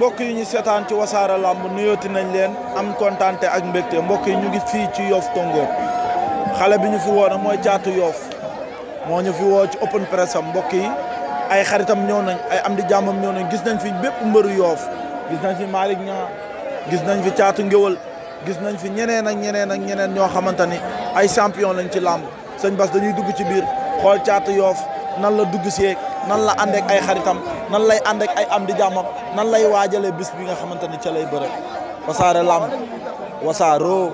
mbokk yi ñu seetaan ci wasaara làmb nuyooti nañ leen am kontaante ak mbégte mbokk yi ñu ngi fii ci yoof tongoor xale bi ñu fi woo nag mooy caatu yoof moo ñu fi woo ci open press am mbokk yi ay xaritam ñëw nañ ay am di jàmmam ñëw nañ gis nañ fi bépp mbëru yoof gis nañ fi Malick gis nañ fi caatu ngéwël gis nañ fi ñeneen ak ñeneen ak ñeneen ñoo xamante ni ay champion lañ ci làmb sëñ Bas dañuy dugg ci biir xool caatu yoof nan la dugg see nan la àndeek ay xaritam nan lay ànd ak ay am di jàmmam nan lay waajalee bis bi nga xamante ni ca lay bëre wasaare lamb wasaaroo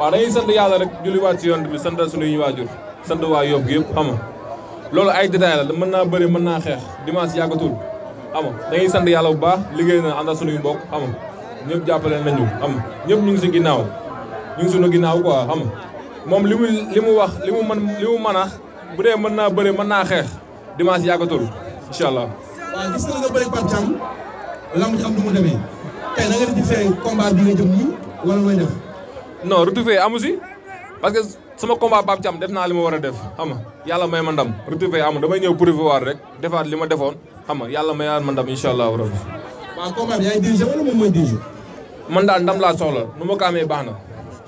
waaw dañuy sant yàlla rek julliwaat si yont bi sant suñuy waajur sant waa Yoff gi yëpp xam nga loolu ay détails la man naa bëri mën naa xeex dimanche yàggatul xam nga dañuy sant yàlla bu baax liggéey na ànd ak suñuy mbokk xam nga jàppale nañu xam nga ñëpp ñu ngi si ginnaaw ñu ngi suñu ginnaaw quoi xam moom li mu li mu wax li mu mën li mu bu dee mën naa bëri man naa xeex dimanche yàggatul incha allah. waaw gis nga nga bëri Pape Thiam am du demee tey na nga def ci non retrouvé amu si parce que ma combat Pape Thiam def naa li ma war a def xam nga yàlla may ma ndam retrouvé amu damay ñëw prévoir rek defaat li ma defoon xam nga yàlla mayaat ma ndam incha allah rabbi. waaw combat yaay dirigé wala moom mooy dirigé. man daal ndam laa soxla nu ma ko amee baax na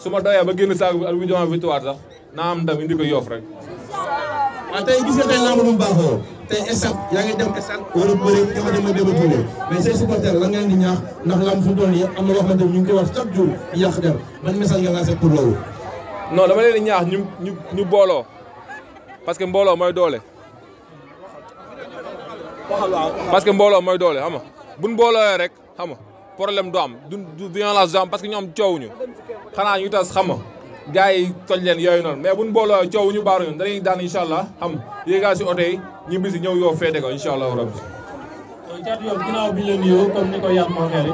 su ma doyee ba génn saako bi ak vidéo victoire sax naa am ndam indi ko yoof rek. waaw tey gis nga tey lamb nu mu baaxoo tey esat yaa ngi dem esat wala bëri nga xam ne mooy déba tuuré mais say supporters la ngeen di ñaax ndax lam fu mu toll am na loo xamante ñu ngi koy wax chaque jour yàq der ban message nga dama ñaax ñu ñu ñu booloo parce que mbooloo mooy doole parce que mbooloo mooy doole xam nga buñ rek xam nga problème du am du violence du am parce que ñoom coowuñu xanaa ñu tas xam nga yi toj leen yooyu noonu mais buñ booloo coowuñu baaruñu danañ daan incha allah xam yéegaa si oto yi ñibbisi si ñëw yoo féete ko incha allahu rabbi. Caatu Yoff ginnaaw bi ñu la ni ko Yann moo xeeli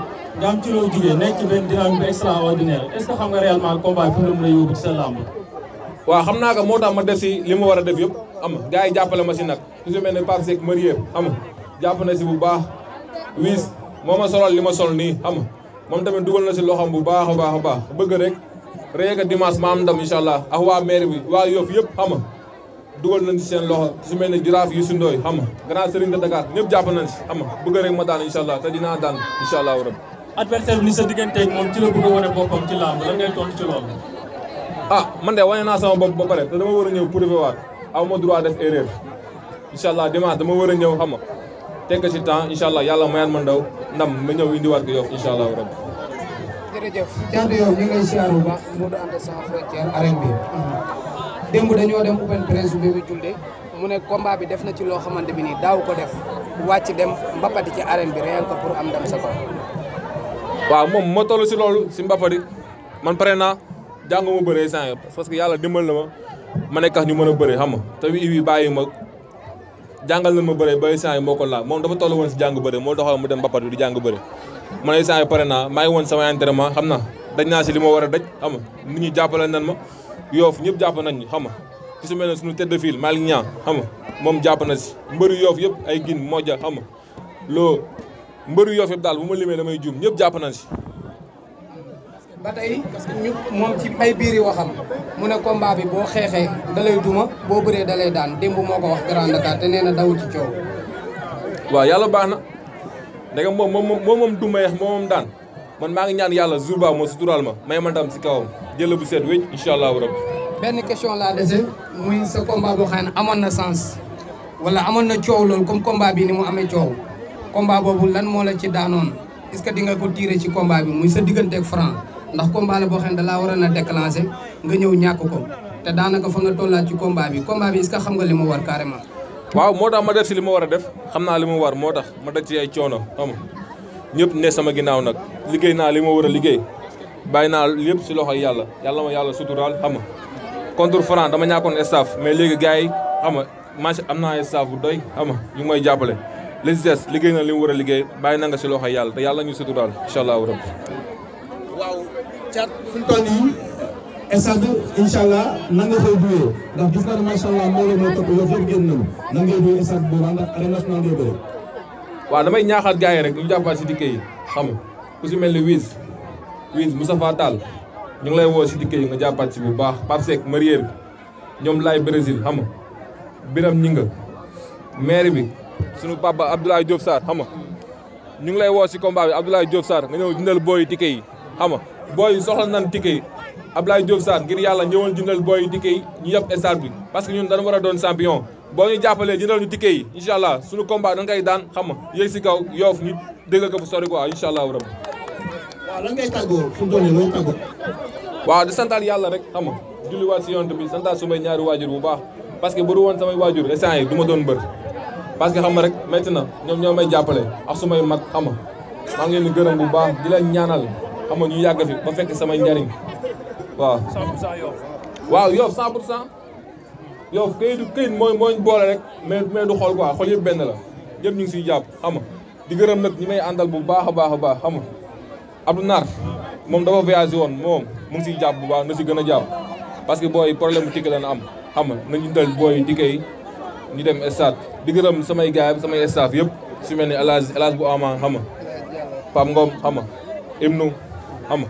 ci loo jugee ci benn dynamique bu extraordinaire est ce que xam nga réellement combat a yóbbu ci sa xam naa ko moo tax ma def si li ma war a def yëpp am na gars jàppale ma si nag su su mel ne Pape Seck xam nga jàpp na si bu baax Wiss moo ma solal li ma sol nii xam moom tamit dugal na si loxoom bu baax a baax baax bëgg rek rëy a dimanche ma am ndam incha allah waa m waa Yoff yëpp xam dugal nañ ci seen loxo su mel ne juraaf Youssou Ndoye xam nga sëriñ de Dakar ñëpp jàpp nañ ci xam nga bëgg rek ma daan incha te dinaa daan incha allah rabbi. adversaire bi sa digganteeg moom ci la bëgg a wane boppam ci làmb lan ngay tontu ci loolu. ah man de wane naa sama bopp ba pare te dama war a ñëw prouvé waat aw ma droit def erreur incha allah dimanche dama war a ñëw xam nga teg ci temps incha allah yàlla mayaat ma ndam ma ñëw indiwaat ko yow incha allah rabbi. jërëjëf Thierno yow démb dañoo dem open press bi Bébé Diouldé mu ne combat bi def na ci loo xamante bi nii daaw ko def wàcc dem mbappati ci arène bi rien pour am ndam sa kaw. waaw moom moo toll si loolu si mbappati man pare naa jàngu ma bëree saa parce que yàlla dimbal na ma ma nekk ñu mën a bëree xam nga te bàyyi ma jàngal na ma bëree ba saa yi moo toll woon si jàng bëri moo doxal mu dem mbappati di jàng bëri man ay saa yu pare naa maa ngi woon sama entraînement xam na dañ naa si li ma war a daj xam nga ñuy ñi jàppale nan ma. yoof ñëpp jàpp nañ xam nga ci su mel ne suñu tête de file Malick Niang moom jàpp na si mbër yoof yëpp ay gin moja xam nga loo yoof yëpp daal bu ma limee damay juum ñépp jàpp nañ si ba tey ñu moom ci ay biiri waxam mu ne mbaa bi boo xeexee da lay duma boo bëree da daan démb moo ko wax Grand Dakar te nee na daw ci coow waaw yàlla baax na ndegam moom moom moom moom du yeex moom daan man maa ngi ñaan yàlla jour ba ma suturaal ma may ma ndam si kawam jël bu seet wéñ incha allahu benn question laa dese muy sa combat boo xam ne amoon na sens wala amoon na coow loolu comme combat bi ni mu amee coow combat boobu lan moo la ci daanoon est-ce nga ko tiire ci combat bi muy sa diggante ak franc ndax combat la boo xam ne dalaa waroon a déclencher nga ñëw ñàkk ko te daanaka fa nga tollaat ci combat bi combat bi est-ce xam nga li mu war carrément. waaw moo tax ma def li ma war a def xam naa li mu war moo tax ma daj ay coono ñëpp ne sama ginnaaw nag liggéey naa li ma war a liggéey bàyyi naa lépp si loxoy yàlla yàlla ma yàlla suturaal xam nga contre franc dama ñàkkoon staff mais léegi gars yi xam nga match am naa staff bu doy xam nga ñu ngi jàppale li si des liggéey na li mu war a liggéey bàyyi nanga nga si loxoy yàlla te yàlla ñu suturaal incha allahu rabbi waaw Thiat fu ñu toll nii stade bi incha ndax gis naa ne macha allah mbooloo moo topp yow yëpp génn nañu nan ngay duyee stade waa damay ñaaxaat gars yi rek ñu jàppaat si dikke yi xam ku si mel ni Wiz Wiz Moustapha Tall ñu ngi lay woo si dikke yi nga si bu baax Pape Seck ñoom laay Brésil xam nga Biram Ñinga maire bi sunu papa Abdoulaye Diop Sarr xam nga ñu ngi lay woo si combat bi Abdoulaye Diop Sarr nga ñëw jëndal booy ticket yi xam nga booy yi soxla nan ticket yi Abdoulaye Diop Sarr ngir yàlla ñëwoon jëndal booy ticket yi ñu yëpp stade bi parce que ñun dañu war a doon champion boo ñu jàppalee jëndal ñu ticket yi incha allah suñu combat da nga koy daan xam nga yéeg si kaw yoof ñu dégg ko fu sori quoi incha allah rabbi. waaw lan ngay tàggoo fu mu di santaal yàlla rek xam nga julliwaat si yonent bi santaal sumay ñaari waajur bu baax parce que bëru woon samay waajur instant yi du ma doon bër parce que xam nga rek métti na ñoom ñoo may jàppale ak sumay mag xam nga maa ngi leen gërëm bu baax di leen ñaanal xam ñu yàgg fi ba fekk samay njariñ waaw. 100% Yoff. waaw yow këyit këyit mooy mooy boole rek mais mais du xool quoi xool yëpp benn la yëpp ñu ngi siy jàpp xam di gërëm nag ñi may àndal bu baax a baax a baax xam nga Abdou Nar moom dafa voyagé woon moom mu ngi siy jàpp bu baax na si gën a jàpp parce que booy problème bu ticket la na am xam nga ñu dal booy ticket yi ñu dem stade di gërëm samay gars yi samay staff yëpp si mel ni El Hadj El Hadj bu Ama xam nga Pape Ngom xam nga Ibnu xam nga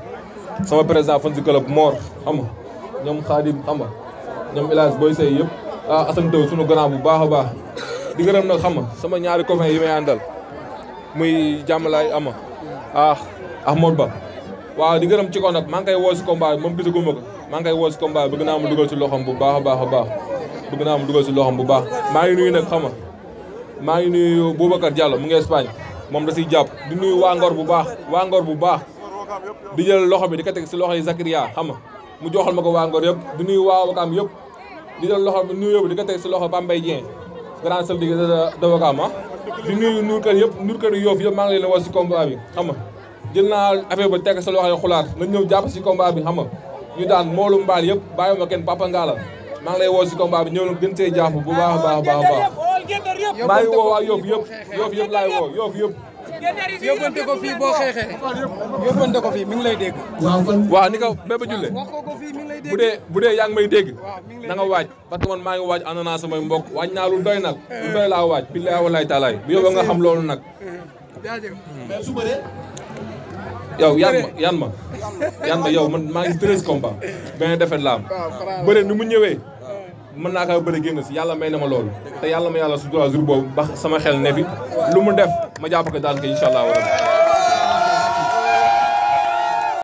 sama président fan si club Mor xam nga ñoom ñoom village booy sa yëpp ah Assane Taw sunu grand bu baax a baax di gërëm nag xam nga sama ñaari copains yi may àndal muy jàmmalaay ama ax ah, Ahmad Ba waaw di gërëm ci ko nag maa ngi koy woo si combat moom gisaguma ko maa ngi koy woo si combat bi bëgg naa mu dugal si bu baax a baax a baax bëgg naa mu dugal si loxoom bu baax maa ngi nuyu nag xam nga maa ngi nuyu Boubacar Diallo mu ngi Espagne moom da siy jàpp di nuyu waa bu baax waa bu baax di jël loxo bi di ko teg si loxo yi Zakaria xam nga mu joxal ma ko waa Ngor yëpp di nuyu waa di jël loxo bi nuyoo bi di ko teg si loxo Bambey Dieng grand chef de Wakam di nuyu nuur kër yëpp nuur kër Yoff yëpp maa ngi leen a woo si combat bi xam nga jël naa affaire ba teg sa loxo yi xulaat nañ ñëw jàpp si combat bi xam nga ñu daan moolu mbaal yëpp bàyyi ma kenn Papa Ngala maa ngi lay woo si combat bi ñëw na gën see jàpp bu baax a baax a baax a baax maa ngi woo waa Yoff yëpp Yoff yëpp laay woo Yoff yëpp yóbbante ko fii boo xeexee mi ngi lay dégg bu dee bu dee yaa ngi may dégg na nga waaj parce que maa ngi waaj ànd naa samay mbokk waaj naa lu doy nag lu doy laa waaj billaay walaay taalaay bu yóbboo nga xam loolu nag hmm. yow yan ma yan ma yan ma yow man maa ngi treize combat benn ni mu ñëwee mën naa kaa bëri génn si yàlla may na ma loolu te yàlla ma yàlla su trois jours boobu ba sama xel ne fi lu mu def ma jàpp ko daal ko